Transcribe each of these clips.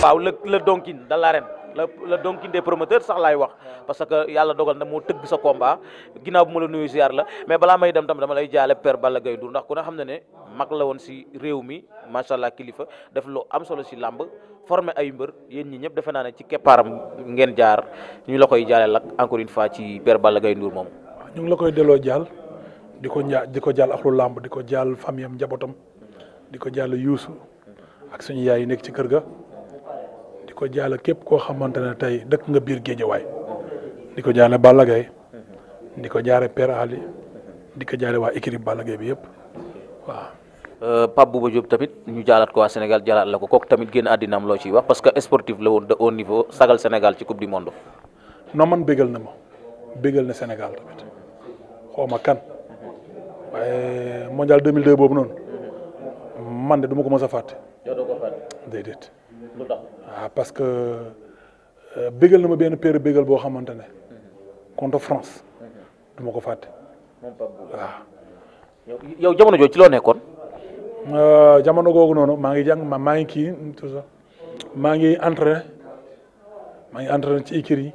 waaw la le donkin de l'arène la la donkin des promoteurs sax laay wax parce que yàlla dogal na moo tëgg sa komba ginnaaw bu ma la nuyu ziar la mais balaa may dem tam dama lay jaale père Balla Gaye Ndour ndax ku ne xam ne ne mag la woon si réew mi macha allah kilifa def loo am solo si làmb formé ay mbër yéen ñi ñëpp defe naa ne ci keppaaram ngeen jaar la koy jaale lak encore une ci père Balla Gaye Ndour moom. ñu ngi la koy delloo jaal di ko ñaa di ko jaal axlu làmb di ko jaal famille am njabootam di ko jaal Youssou ak suñu yaay yi nekk ci kër ga. ko jaale képp koo xamante ne tey dëkk nga biir géejawaay di ko jaale Balla Gaye di ko jaare Père Ali di ko jaale waa équipe Balla Gaye bi yëpp waaw. Euh, Pape Bouba Diop tamit ñu jaalaat ko waa Sénégal jaalaat la ko kooku tamit génn àddina am loo ciy wax parce que sportif la woon de haut niveau sagal Sénégal ci coupe du monde. non man bégal na ma bégal na Sénégal tamit xaw ma kan waaye mondial 2002 boobu noonu man de du ma ko mës a fàtte. lu ah, parce que euh, bégal na ma benn péere bégal boo xamante ne contre France mhm. du ma ko fàtte waaw ah. yow jamono jooju ci loo nekkoon euh, jamono googu noonu maa ngi jàng maa ngi kii tout maa ngi entraîné maa ngi entraîné ci ikir yi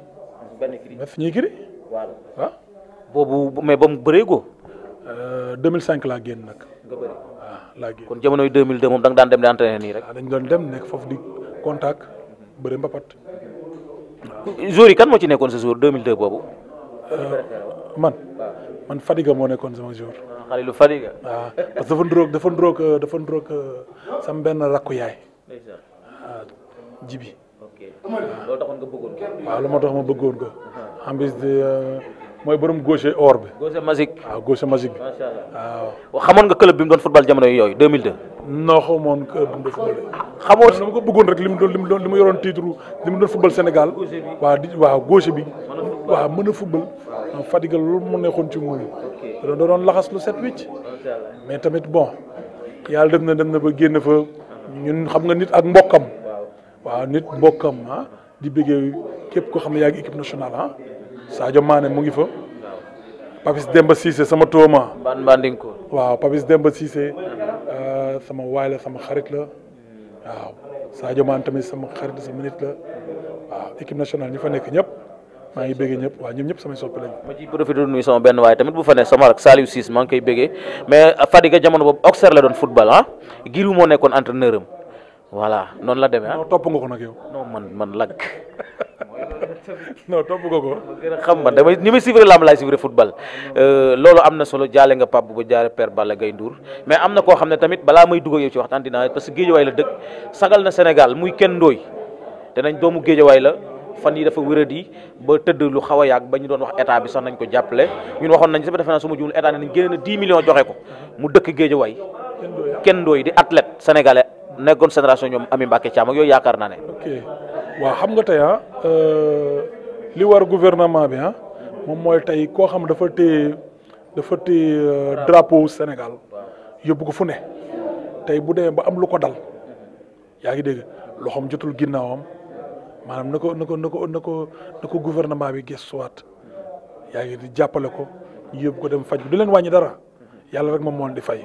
ba fi ñu ikiri waaw ah. boobu mais ba mu bëree ko 2005 euh, laa génn nag nga bëri waaw laa génn kon moom da daan dem di entraîné nii rek dañ doon dem nekk foofu di contact bëri mbapat. jour yi kan moo ci nekkoon sa jour 2002 boobu. Euh, man man Fadiga moo nekkoon sama jour. Khalilou Fadiga. waaw ah, parce que dafa ndróog dafa ndróog euh, sama benn rakku yaay. Ah, jibi loolu taxoon nga waaw lu ma tax ma bëggoon ko. en plus de euh, mooy borom gaucher or bi. gaucher magique. waaw ah, gaucher magique bi. waaw. xamoon nga club bi mu doon football jamono yooyu non xaw ma woon que heure bi mu doon football ko bëggoon rek li mu doon li mu doon li mu yoroon titre li mu doon football Sénégal waaw di waaw gauche bi waaw mën a football Fadiga loolu mu nekkoon ci moom da doon laxas lu set wicc mais tamit bon yàlla dem na dem na ba génn fa ñun xam nga nit ak mbokkam waaw nit mbokkam ah. di bëggee képp koo xam ne yaa ngi équipe nationale ah Sadio mu ngi fa Papis Demba Cissé sama tooma. Ban Bandinko Papis Demba Cissé. la sama waay la sama xarit la waaw Sadio Mané tamit sama xarit sama nit la waaw équipe nationale ñi fa nekk ñëpp maa ngi bëggee ñëpp waaw ñoom ñëpp samay soppe lañu. ma ciy profité sama benn waaye tamit bu fa ne sama rak maa ngi koy bëggee mais Fadiga jamono boobu Auxerre la doon football ah Giroud moo nekkoon entraîneur am voilà noonu la demee ah. non topp nga ko nag yow. non man man lag. non topp ko ko. xam nga damay ni muy suivre lamb laay suivre football. Euh, loolu am na solo jaale nga Pape Bouba jaare Père Balla Gaye Ndour mais am na koo xam ne tamit balaa may dugg yow ci waxtaan dinaa parce que géejawaay la dëkk sagal na Sénégal muy kenn ndooy danañ doomu géejawaay la. fan yi dafa wéradi ba tëdd lu xaw a yàgg ba ñu doon wax état bi sax nañ ko jàppale ñun waxoon nañ sax defe naa su ma jumul état ne nañ génne na 10 millions joxe ko mu dëkk Géejawaay kenn ah. dooy di athlète sénégalais nekkoon génération ñoom Ami Mbacke Thiam ak yooyu yaakaar naa ne. waaw xam nga tey ah euh, li war gouvernement bi ah moom mooy tey koo xam dafa téye dafa téye euh, drapeau Sénégal yóbbu ko fu ne tey bu demee ba am lu ko dal yaa ngi dégg loxoom jotul ginnaawam maanaam na ko na ko na ko na ko na ko gouvernement bi gëstuwaat yaa ngi di jàppale ko ñu yóbbu ko dem faj du leen wàññi dara yàlla rek moom moon di fay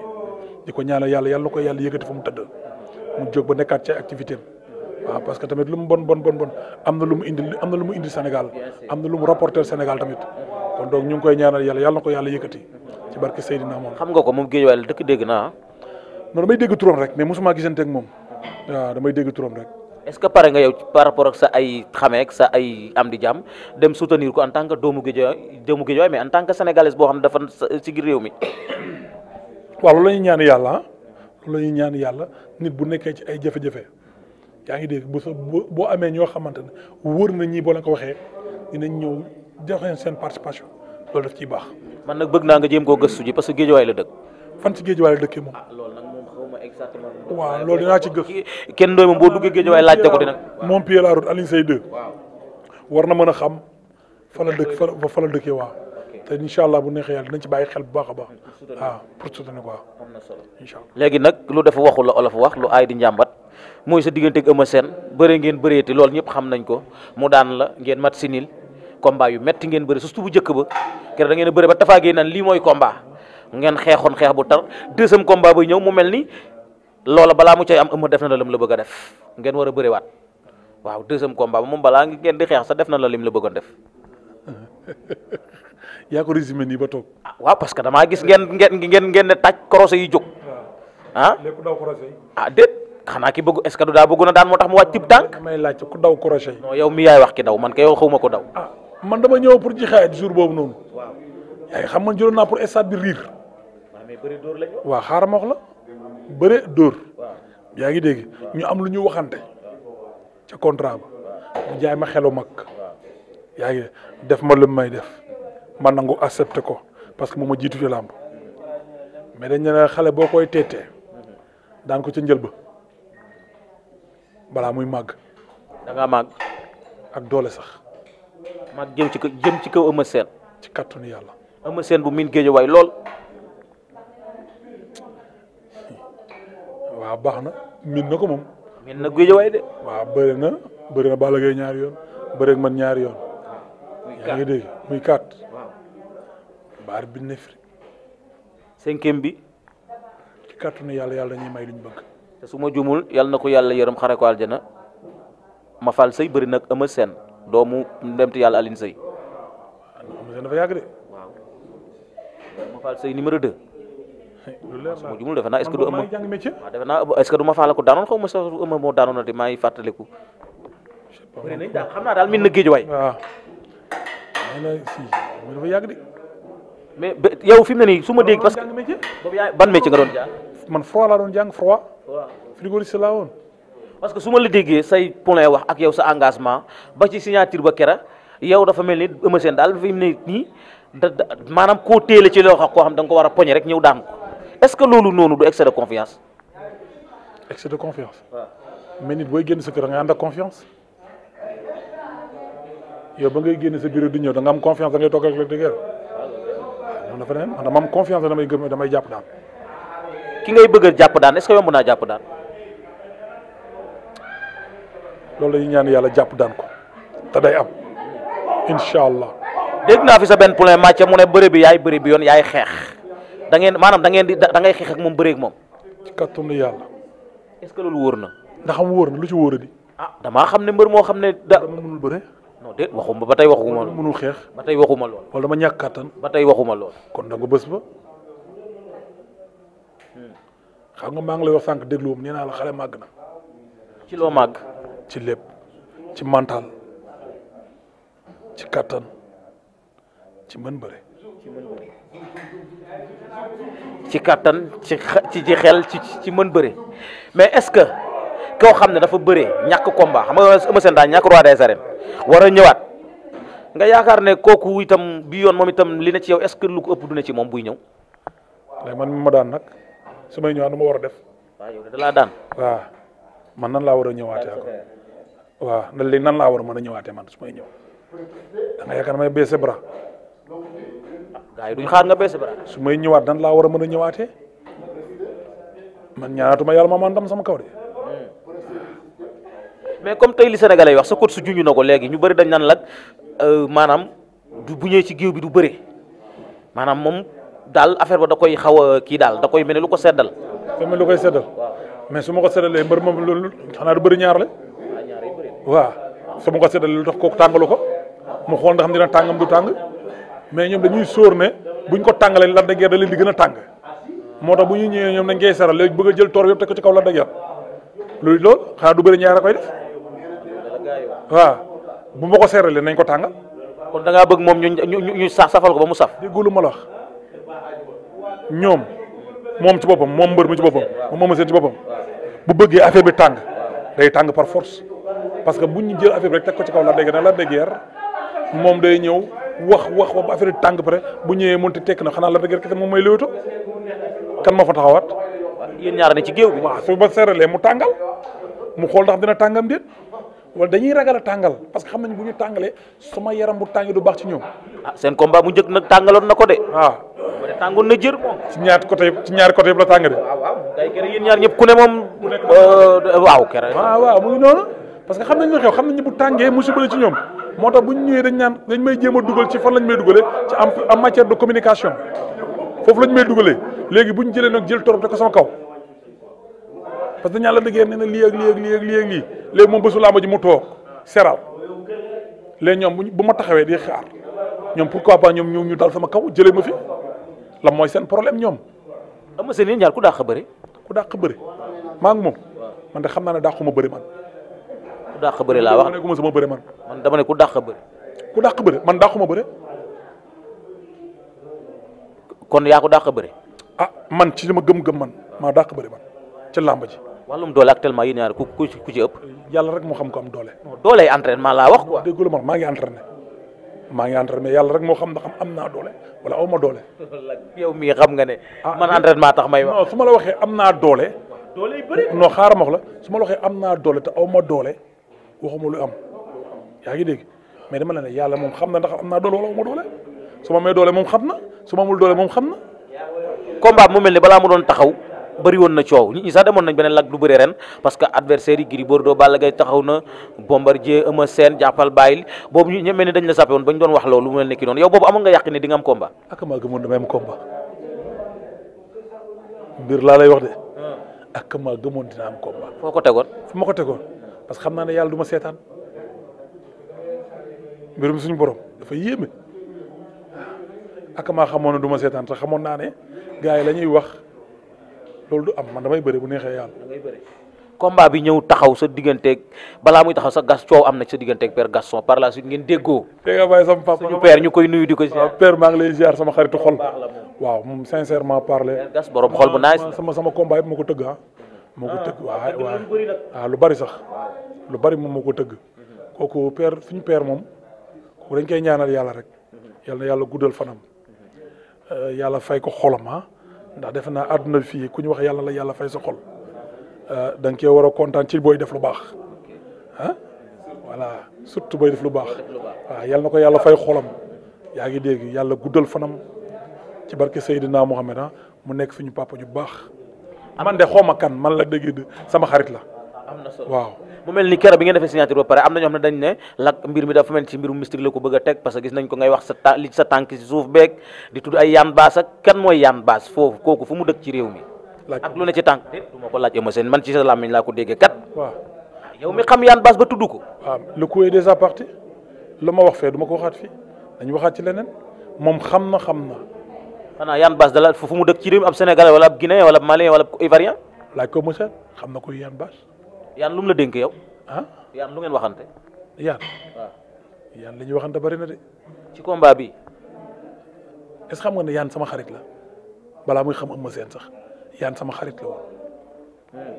di ko ñaan yàlla yàlla na ko yàlla yëkkati fa mu tëdd mu jóg ba nekkaat ci activité am waaw parce que tamit lu mu bon bon bon bon am na lu mu indi am na lu mu indi Sénégal am na lu mu rapporter Sénégal tamit kon donc ñu koy ñaanal yàlla yàlla ko yàlla yëkkati ci barke Seydina moom. xam ko moom géej waaye la dëkk dégg naa. non damay dégg turam rek mais mosuma gisante ak moom waaw damay dégg turam rek. est-ce que pare nga yow par rapport ak sa ay xameek sa ay am di jàmm dem soutenir ko en tant que doomu géej doomu géej mais en tant que boo xam ne dafa ci réew mi. waaw loolu la ñaan yàlla loolu la ñaan yàlla nit bu nekkee ci ay jafe-jafe. yaa ngi dégg bu sa boo amee ñoo xamante ne wóor na ñii boo la ko waxee dinañ ñëw joxe seen participation loolu daf ciy baax. man na bëgg naa nga jéem koo gëstu ji parce que géejewaay la dëkk. fan ci géejewaay la dëkkee moom. ah loolu nag moom xaw ma exactement. waaw ci gëstu. kenn doy moom boo duggee géejewaay laajte ko dina. Montpied la route Alioune Seye war na mën a xam fa la dëkk fa fa la dëkkee waaw. te incha allah bu neexee yàlla dinañ ci bàyyi xel bu baax a baax. waaw pour soutenir waaw. Ah, am na solo incha léegi nag lu dafa waxul la olof wax lu aay di njàmbat mooy sa diggante ak Eumeu bëre ngeen bëreeti loolu ñëpp xam nañ ko mu daan la ngeen mat sinil combat yu metti ngeen bëri surtout bu njëkk ba keroog da ngeen a bëri ba Tapha Guèye naan lii mooy komba ngeen xeexoon xeex bu tar deuxième combat bay ñëw mu mel ni loola balaa mu cay am Eumeu def na la lam la bëgg a def ngeen war a waat waaw deuxième combat ba moom balaa ngeen di xeex sa def na la lim la bëggoon def. yaa ko résumé nii ba toog. ah waaw parce que damaa gis ngeen ngeen ngeen ngeen ne tàj corosé yi jóg. ah lépp daw corosé yi ah, xanaa ki bëgg est-ce que du daa bëgg na daan moo tax mu wàcc cib tànk. damay laajte ku daw mi yaay wax ki daw man kay yow ma ko daw. ah man dama ñëw pour jixaay ak jour boobu noonu. yaay xam man jëloon naa pour stade bi riir. waa mais bëri dóor lañu. waaw yaa ngi dégg ñu am lu ñu waxante ca contrat ba mu jaay ma xelu mag yaa def ma lu may def man nangu accepté ko parce que moom ma jiitu ci làmb mais dañ ne xale boo koy teetee daan ko ca njël ba balaa muy màgg. da ngaa ak doole sax. màgg jëm ci kaw jëm ci kaw Eumeu Sène. ci kàttanu yàlla. Eumeu Sène bu miin géejawaay lool. waaw baax na miin na ko moom. miin na géejawaay de. waaw bëri na bëri na Balla Gaye ñaari yoon bëri man ñaari yoon. Ah, muy yaa ngi dégg muy quatre. baar bi ne firi. cinquième bi. ci kàttanu yàlla yàlla ñuy may lu ñu bëgg. te su ma jumul yal na ko yàlla yërëm xare ko aljana ma fal sëy bëri nag ëma seen doomu ndemti yàlla alin sëy dafa ma fal sëy numéro 2 su ma jumul defe naa du ëma waaw defe naa ma faala ko daanoon xaw moo daanoon na di maa ngi fàttaliku bëri de mais ne nii su dégg ban métier nga doon man froid laa doon jàng froid. frigoriste laa woon. parce que su ma la déggee say point wax ak yow sa engagement ba ci signature ba kera yow dafa mel ni Eumeu seen daal fi mu ne nii da maanaam koo téele ci loo koo xam da nga war a poñe rek ñëw daan ko est que loolu noonu du excès de confiance. de confiance. mais nit booy génn sa kër confiance. yow ba ngay génn sa ñëw da nga am confiance da ngay toog ak Lac de Guiers. man dafa ne dama damay gëm damay jàpp daan ki ngay bëgg jàpp daan est-ce que yomb naa jàpp daan. loolu la ñuy ñaan yàlla jàpp daan ko te day am incha allah. dégg naa fi sa benn problème màcce mu ne bëre bi yaay bëre bi yoon yaay xeex da ngeen maanaam da ngeen di da ngay xeex ak moom bëreeg moom. ci kàttanu yàlla. est-ce que loolu wóor na. ndax am wóor na lu ci wóor di. ah damaa xam ne mbër moo xam ne da. dama mënul bëre. non déet waxuma ba tey waxuma. mënul xeex ba tey waxuma lool. wala dama ñàkk kàttan. ba tey waxuma lool. kon da nga bës xam nga maa ngi lay wax sànq dégluwum nee naa la xale màgg na. ci loo màgg. ci lépp ci mental ci kattan ci mën bëre. ci kattan ci ci ci xel ci ci mën bëre mais est-ce que koo xam ne dafa bëre ñàkk combat xam nga Eumeu Sène daa ñàkk war a ñëwaat. nga yaakaar ne kooku itam bi yoon moom itam li na ci yow est-ce que lu ëpp du ne ci moom buy ñëw. man mi ma daan nag. su may ñëwaat nu ma war a def. waaw yow laa daan. waaw man nan laa war a ñëwaatee ak waaw nan nan laa war a mën a ñëwaatee man su may ñëw da nga yaakaar duñ xaar nga baissé su may ñëwaat nan laa war a mën a ñëwaatee man ñaanatuma yàlla ma man ndam sama kaw de. Hmm. mais comme tey li Sénégalais yi wax sa coach su juñu na ko léegi ñu bëri dañ nan lag euh, maanaam du bu ñëwee ci géew bi du bëre maanaam moom. daal affaire ba da koy xaw a kii daal da koy mel ni lu ko seddal. da mel lu koy seddal mais su ma ko seddalee mbër moom loolu ko seddalee lu tax tàngalu ko mu xool nga xam dina tàngam du tàng mais ñoom dañuy sóor ne buñ ko tàngalee Lac de Guiers da leen di gën a tàng moo tax bu ñuy ñëwee ñoom dañ koy seral léegi bëgg a jël toor yëpp teg ko ci kaw Lac de Guiers loolu loolu xanaa du bëri ñaar a koy def waaw bu ma ko seeralee nañ ko tàngal. kon da ngaa bëgg moom ñu ñu ñu safal ko ba mu saf. ñoom moom ci boppam moom mbër mi ci boppam moom ma seen ci boppam bu bëggee affaire bi tàng day tàng par force parce que bu ñu jël affaire bi rek teg ko ci kaw la dégg na la dégg yar moom day ñëw wax wax ba affaire bi tàng pare bu ñëwee mun ti tekk na xanaa la dégg yar kese moom mooy léewto kan ma fa taxawaat. yéen ñaar ne ci géew bi. su ba seeralee mu tàngal mu xool ndax dina tàngam déet. wala dañuy ragal a tàngal parce que xam nañ bu ñu tàngalee sama yaram bu tàngi du baax ci ñoom. ah seen combat bu njëkk nag tàngaloon na ko de. waaw ah. tàngoon na jër moom. ci ñaar côté yëpp ci côté yëpp la tàng de. Ah, waaw waaw day ñaar ñëpp ku ne moom. Euh, waaw kere. waaw ah, waaw mu ngi parce que xam nañ ne xew xam na ñu bu tàngee musiba la ci ñoom moo tax bu ñu ñëwee dañ may jéem a dugal ci fan lañ may dugalee ci am matière de communication foofu lañ may dugalee léegi bu ñu jëlee nag jël torop te ko sama kaw parce que dañu la dëggee ne na lii ak lii ak lii ak lii ak lii léegi moom bésu làmb ji mu toog seral léegi ñoom bu bu ma taxawee di xaar ñoom pourquoi pas ñoom ñëw ñu dal sama kaw jëlee ma fi la mooy seen problème ñoom. am na seen yéen ñaar ku dàq bëri. ku dàq bëri maa ngi moom man de xam naa ne dàquma bëri man. ku dàq bëri laa wax man nekkuma sama bëri man. man dama ne ku dàq bëri. ku dàq bëri man dàquma bëri. kon yaa ko dàq bëri. ah man ci li ma gëm-gëm man maa dàq bëri man ci làmb wàllum doole actuellement yéen ñaar ku ku ku ci ëpp. yàlla rek moo xam ko am doole. doole entraînement laa ma maa ngi entraîné maa ngi entraîné yàlla xam ndax am naa doole ma doole. yow mii xam nga ne. Ah, man entraînement tax may wax. non su ma la waxee am naa doole. doole yi bëri ma wax la su ma la am naa doole te aw ma doole waxuma lu am yaa ngi dégg mais dama la ne yàlla moom xam na ndax am naa doole wala aw ma doole su ma may doole moom xam na su ma amul doole moom xam na. combat mu mel ni balaa mu doon taxaw. bëri woon na coow nit ñi sax demoon nañ beneen lag du bëri ren parce que adversaire yi Gris Bordeaux Balla Gaye taxaw na Bombardier Eumeu Sène jàppal bàyyil boobu ñemee ne dañ la sàppe ba ñu doon wax loolu mu mel nekki boobu amoon nga yàq ne am combat de ak maa gëmoon hmm. dina am combat foo ko tegoon fu ma ko tegoon parce que xam naa ne yàlla du ma seetaan mbirum suñu borom dafa yéeme ak xamoon ne du ma seetaan te xamoon naa ne gars yi la wax loolu du am man damay bëri bu neexee yàlla. damay combat bi ñëw taxaw sa digganteeg balaa muy taxaw sa gas coow am na sa digganteeg père Gaston par la suite ngeen déggoo. dégg nga ñu koy nuyu di ko. waaw père maa ngi lay ziar sama xaritu xol. waaw moom sincèrement parler. père Gas borom xol bu naaj. sama sama combat yëpp moo ko tëgg ah. moo ko ah, tëgg waaw ah, lu bari sax. lu bari moom moo ko tëgg. kooku père suñu père moom kooku dañ koy ñaanal yàlla rek. Mhm. yàlla yàlla guddal fanam. Mhm. Euh, yàlla fay ko xolam ah. ndax defe naa àdduna bi fii ku ñu wax yàlla la yàlla fay sa xol euh, da nga cee war a kontaan ci booy def lu baax ah voilà surtout booy def lu baax waaw yàlla na ko yàlla fay xolam yaa ngi dégg yàlla guddal fanam ci barke Seydina Mohamed ah, mu nekk fi ñu papa ju baax man de xawma kan man la dégg sama xarit la. am na solo waaw mu mel ni keroog bi ngeen defee signature ba pare am na xam ne dañ ne lak mbir mi dafa mel ci mbiru mystique la ko bëgg a teg parce que gis nañ ko ngay wax sa ta li sa tànk si suuf beeg di tudd ay yaan baas ak kan mooy yaan baas foofu mu dëkk ci réew mi lu ma ko laaj Eumeu Sène ba tudd ko waaw ah, le coup est déjà parti lu ma wax fee du ma ko waxaat fii dañu waxaat ci leneen moom xam na xam na xanaa yaan baas dala fu mu dëkk ci réew mi ab sénégalais wala ab guinéen wala ab malien wala ab laaj ko monsieur xam na koy yaan lu la dénk yow. ah yaan lu ngeen waxante. yaan waaw. Ah. yaan li ñuy waxante bari na de. ci combat bi. est xam nga ne yaan sama xarit la balaa muy xam am ma seen sax yaan sama xarit la woon. Hmm.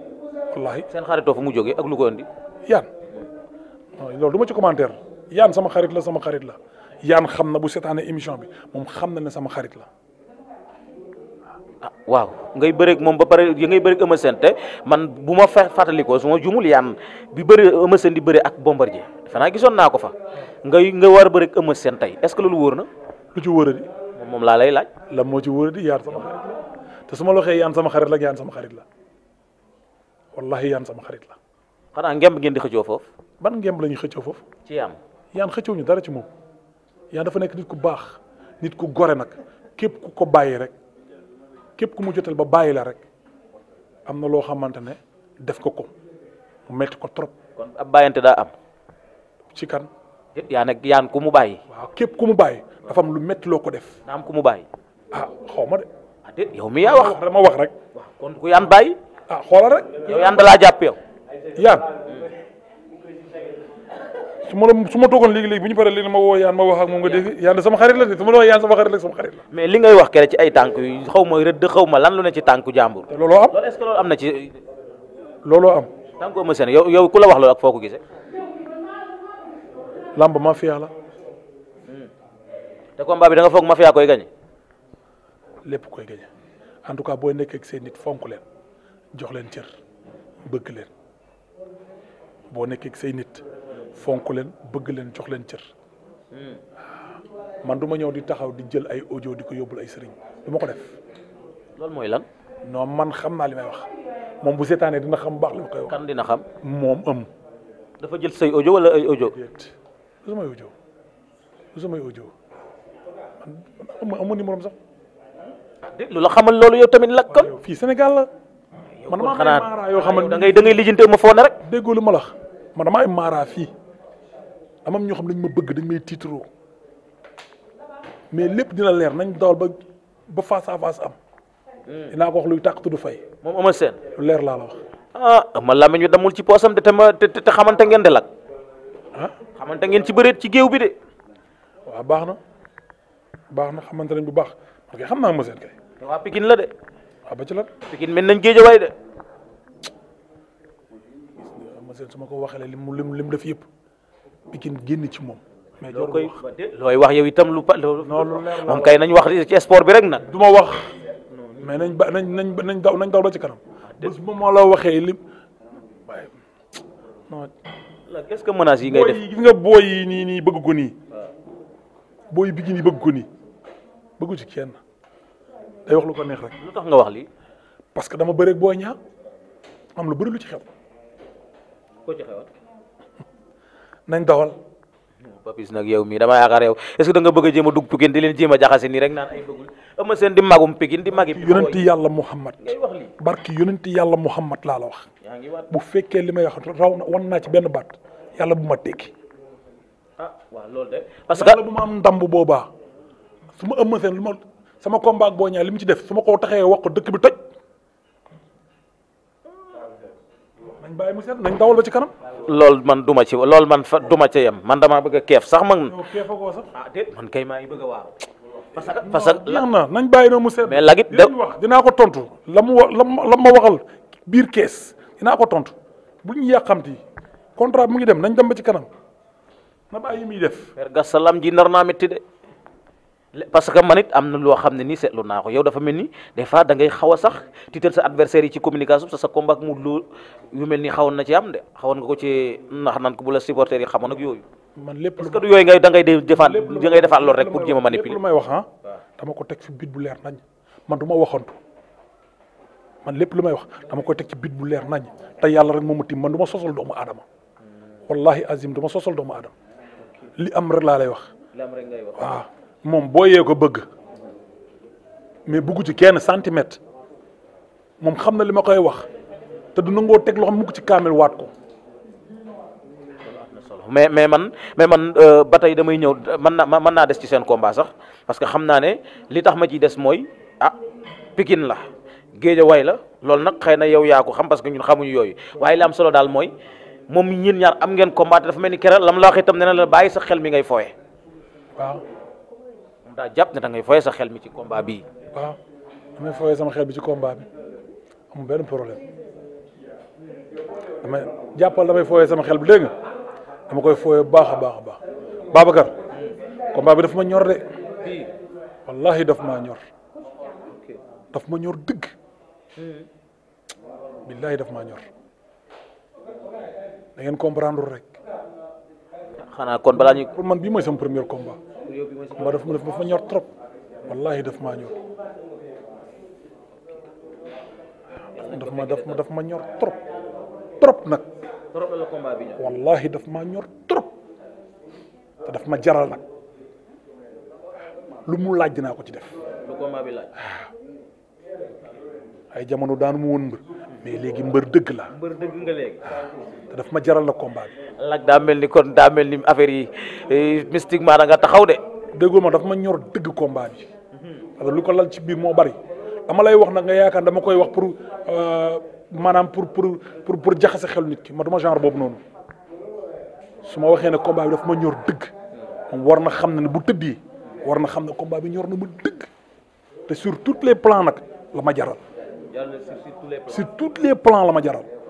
wallaahi seen xaritoo fu mu jógee ak lu ko andi. yaan loolu du ci commentaire yaan sama xarit la sama xarit la yaan xam na bu seetaanee émission bi moom xam na ne sama xarit la. waaw ngay bëreeg moom ba pare ngay bëreeg Eumeu Sène te man bu ma fàttalikoo su ma jumul yaan bi bëri Eumeu Sène di bëri ak Bombardier defe naa gisoon naa ko fa ngay nga war a bëreeg Eumeu Sène tey est-ce que loolu wóor na. lu ci wóor moom laa lay laaj. lan moo ci wóor di yaan sama xarit la te su ma la waxee yaan sama xarit la yaan sama xarit la wallahi yaan sama xarit la. xanaa ngemb ngeen di xëccoo foofu. ban ngemb la ñuy xëccoo foofu. ci yaan yaan xëccoo ñu dara ci moom yaan dafa nekk nit ku baax nit ku gore nag képp ku ko bàyyi rek képp ku mu jotal ba bàyyi la rek am na loo xamante ne def ko ko mu metti ko trop. kon ab bàyyante daa am. ci kan. yaa nag yaan ku mu bàyyi. waaw képp ku mu bàyyi. dafa lu metti loo ko def. daa am ku mu bàyyi. Ah, xaw ma de. ah déet yow mi yaa wax ah, dama wax rek. kon ku yaan bàyyi. ah xoolal rek. yow yaan dalaa jàpp yow. yaan. su ma la su ma toogoon léegi-léegi bu ñu paree léegi ma woo yaan ma wax ak moom nga dégg yaan sama xarit la de su ma la wax yaan sama tànk yu xaw ma rëdd lan lu ne ci tànku jàmbur loolu am na ci looloo am tànku Eumeu Sène yow yow ku la wax loolu ak foo ko gisee lamb mafia la bi da nga foog mafia koy gañe lépp koy gañe en tout cas boo nekkee ak nit fonk leen jox leen cër bëgg leen boo nekkee ak nit fonk leen bëgg leen jox leen cër man du ma ñëw di taxaw di jël ay audio di ko yóbbul ay sëriñ du ma ko def. loolu mooy lan. non man xam naa li may wax moom bu seetaanee dina xam bu baax li ma koy wax. xam. moom am. dafa jël say audio wala ay audio. déet du samay audio du samay audio am sax. lu la xamal loolu yow tamit la kon. fii Sénégal la. man damaa ay maaraa yoo xamal da ngay da ngay lijjanti ma foo ne rek. déggoo ma la man damaa ay maaraa fii. amam ñoo xam dañ ma bëgg dañ may tiitaroo mais lépp dina leer nañ dawal ba ba face à face am. Hmm. dinaa ko luy tàq tudd fay. moom Eumeu Sène lu leer laa la wax. ah Eumeu làmmiñ wi damul ci poosam te te te xamante ngeen de lak ah xamante ngeen ci bëreet ci géew bi de. waaw baax na baax na xamante nañ bu baax parce que xam naa Eumeu Sène waa Pikine la de. waaw ba ci la. Pikine mel nañ géejawaay de. ma ko waxee lim lim lim def yëpp. Pikine génn ci moom. mais loo koy looy wax yow itam lu pa loolu. moom kay nañ wax ci sport bi rek nag. du ma wax mais nañ ba nañ nañ nañ daw nañ daw ba ci kanam. bés bu ma la waxee li waaye ce que menaces yi ngay def gis nga booy yi nii nii yi ah. Pikine yi bëgg ci kenn day wax lu neex rek. lu tax nga wax lii. parce que dama bëreeg booy ñaar lu bëri lu ci xew. nañ doxal. Papis nag yow mii dama yaakaar yow est que da nga bëgg a jéem a dugg Pikine di leen jéem a jaxase nii rek naan ay bëggul Eumeu Sène di magum Pikine di magi. yonenti yàlla Muhammad barki yonenti yàlla Muhammad laa wax. bu fekkee li may wax raw na wan naa ci benn baat yàlla bu ma tekki. ah waaw loolu de parce que yàlla bu ma am ndam bu boobaa ma Eumeu Sène lu ma sama combat ak Boy ci def su ma ko taxee wax ko dëkk bi nañ bàyyi mu set nañ dawal ba ci kanam. loolu man duma ci lool man fa duma ci yem man damaa bëgg a keef sax man. ñoo keefagoo sax ah, maa ngi bëgg a waaru. parce que parce que jeex na nañ bàyyi noonu mu set. mais lagit de wax dinaa ko tont la mu la ma waxal biir kees dinaa ko tontu bu ñu yàqamti contrat mu ngi dem nañ dem ba ci kanam na bàyyi muy def. Père Gassam ji nar naa métti de. parce que man it am na loo xam ne ni seetlu naa ko yow dafa mel ni des fois da ngay xaw a sax tiital sa adversaire yi ci communication sa sa combat mu lu yu mel ni xawoon na ci am de xawoon nga ko ci nax nan ko bu la supporter yi xamoon nag yooyu. man lépp lu est yooyu ngay da ngay defaat da ngay defaat loolu rek pour jéem a manipuler. may wax ah ko teg fi bit bu leer nañ man du ma waxantu man lépp lu may wax dama koy teg ci bit bu leer nañ te yàlla rek moom mu tiim man du ma sosal doomu aadama wallahi azim du ma sosal doomu adama li am rek laa lay wax. li waaw. moom booyee ko bëgg mais buggu ci kenn centimètre moom xam na li ma koy wax te du nangoo teg loxo mukk ci kaamil waat ko. mais mais man mais man euh, ba tey damay ñëw mën naa mën naa des ci seen combat sax parce que xam naa ne li tax ma ciy des mooy ah Pikine la way la loolu nag xëy na yow yaa ko xam parce que ñun xamuñu yooyu waaye li am solo daal mooy moom ñun ñaar am ngeen combat dafa mel ni keral lam la wax itam ne na la bàyyi sa xel mi ngay fooye waaw moom daa jàpp na da ngay foyee mi ci combat bii. waaw damay sama xel bi ci combat bi amul benn problème damay jàppal damay foyee sama xel bi dégg nga dama koy foyee baax a baax a baax Babacar combat bi daf ma ñor de wallahi daf maa ñor daf ma ñor dëgg billahi daf maa ñor da ngeen rek. xanaa kon balaa ñuy. pour man bii mooy sama premier combat. ma def ma def ma ñor trop wallahi daf maa ñor daf ma daf ma ma ñor trop trop nag. trop la combat wallahi daf maa ñor trop te daf ma jaral nag lu mu laaj dinaa ko ci def. lu ay jamono daan mu woon mbër. mais léegi mbër dëgg la mbër dëgg nga te daf ma jaral na combat bi daa mel ni kon daa mel ni affaire yi eh, mystiquement da nga taxaw de déggoo ma daf ma ñor dëgg combat ko lal ci biir moo bari dama lay wax nag nga yaakaar dama koy wax pour euh, maanaam pour pour pour pour jaxase xel nit ki ma duma genre boobu noonu su ma waxee ne combat bi daf ma ñor dëgg moom war na xam ne bu tëddee war na xam ne combat bi ñor na ma dëgg te sur les plans nag la ma jaral sur tous les plans la ma jaral